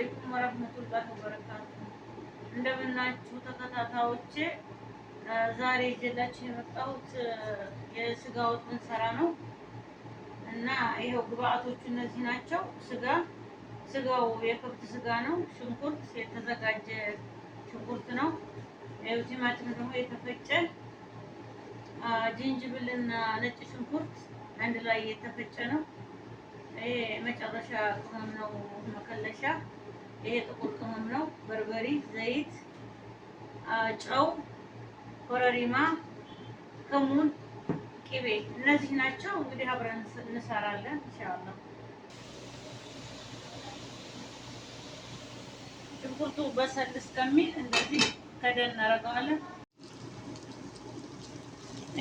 አለይኩም ወረህመቱላሂ ወበረካቱ። እንደምናችሁ ተከታታዮቼ፣ ዛሬ ይዤላችሁ የመጣሁት የስጋ ወጥ እንሰራ ነው እና ይኸው ግብአቶቹ እነዚህ ናቸው። ስጋ ስጋው የከብት ስጋ ነው። ሽንኩርት የተዘጋጀ ሽንኩርት ነው። ይኸው ቲማቲም ደግሞ የተፈጨ ጅንጅብልና ነጭ ሽንኩርት አንድ ላይ የተፈጨ ነው። መጨረሻ ቅመም ነው መከለሻ ይሄ ጥቁር ቅመም ነው። በርበሪ፣ ዘይት፣ ጨው፣ ኮረሪማ፣ ከሙን፣ ቂቤ እነዚህ ናቸው። እንግዲህ አብረን እንሰራለን ኢንሻአላህ። ሽንኩርቱ በሰል እስከሚል እንደዚህ ከደን እናደርገዋለን።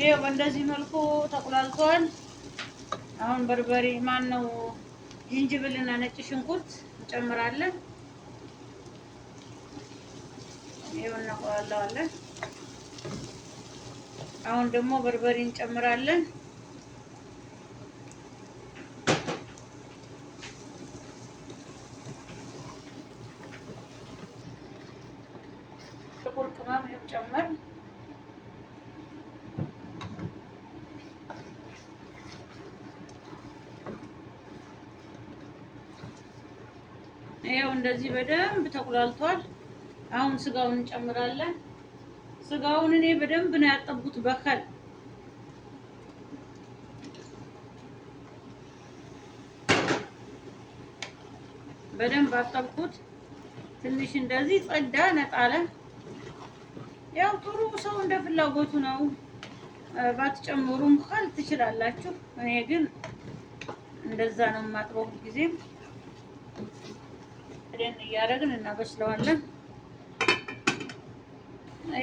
ይሄው በእንደዚህ መልኩ ተቁላልቷል። አሁን በርበሬ ማን ነው ጅንጅብልና ነጭ ሽንኩርት እንጨምራለን። ይኸው እናቁላለዋለን። አሁን ደግሞ በርበሬ እንጨምራለን። ጥቁር ቅመም ይኸው ጨመር ይኸው እንደዚህ በደንብ ተቁላልቷል። አሁን ስጋውን እንጨምራለን። ስጋውን እኔ በደንብ ነው ያጠቡት በከል በደንብ አጠብኩት። ትንሽ እንደዚህ ጸዳ ነጣለ። ያው ጥሩ ሰው እንደ ፍላጎቱ ነው። ባትጨምሩም ካል ትችላላችሁ። እኔ ግን እንደዛ ነው የማጥበው። ጊዜም እያደረግን እናበስለዋለን።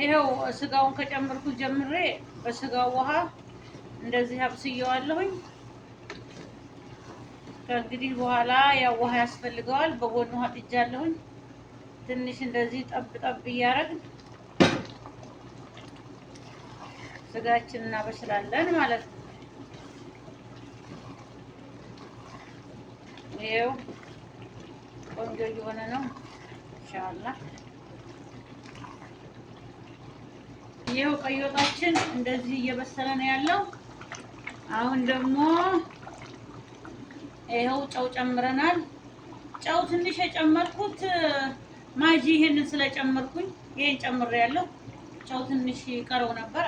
ይኸው ስጋውን ከጨምርኩ ጀምሬ በስጋው ውሃ እንደዚህ አብስየዋለሁኝ። ከእንግዲህ በኋላ ያው ውሃ ያስፈልገዋል። በጎን ውሃ ጥጃለሁኝ። ትንሽ እንደዚህ ጠብ ጠብ እያደረግን ስጋችን እናበስላለን ማለት ነው። ይኸው ቆንጆ እየሆነ ነው ኢንሻአላህ። ይኸው ቀይ ወጣችን እንደዚህ እየበሰለ ነው ያለው። አሁን ደግሞ ይኸው ጨው ጨምረናል። ጨው ትንሽ የጨመርኩት ማጂ ይሄንን ስለጨመርኩኝ ይሄን ጨምሬ ያለው ጨው ትንሽ ቀረው ነበር።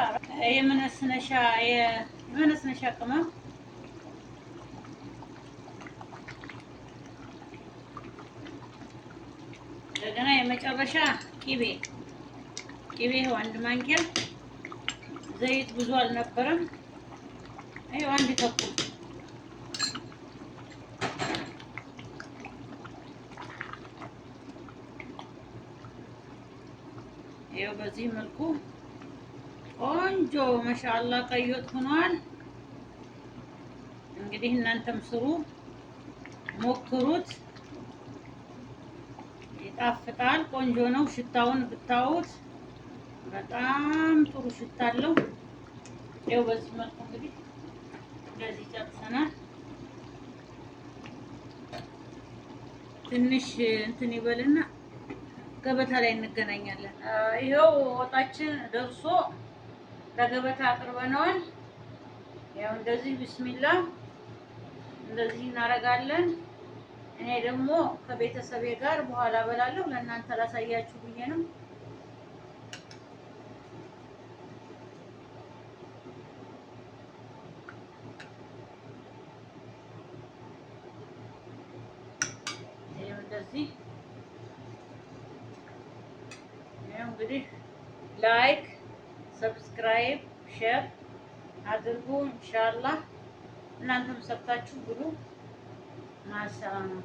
የመነስነሻ የመነስነሻ ቅመም እንደገና የመጨረሻ ቂቤ ቅቤ አንድ ማንኪያ፣ ዘይት ብዙ አልነበረም። ይኸው አንድ ተኩል ይኸው በዚህ መልኩ ቆንጆ ማሻአላ ቀይ ወጥ ሆኗል። እንግዲህ እናንተም ስሩ፣ ሞክሩት። ይጣፍጣል። ቆንጆ ነው። ሽታውን ብታዩት በጣም ጥሩ ሽታ አለው። ያው በዚህ መልኩ እንግዲህ እንደዚህ ጨርሰናል። ትንሽ እንትን ይበልና ገበታ ላይ እንገናኛለን። ይኸው ወጣችን ደርሶ ለገበታ አቅርበነዋል። ያው እንደዚህ ቢስሚላ እንደዚህ እናደርጋለን። እኔ ደግሞ ከቤተሰቤ ጋር በኋላ እበላለሁ። ለእናንተ ላሳያችሁ ብዬ ነው። እዚህ እንግዲህ ላይክ፣ ሰብስክራይብ፣ ሼር አድርጉ። ኢንሻአላህ እናንተም ሰብታችሁ ብሉ። ማሰላማ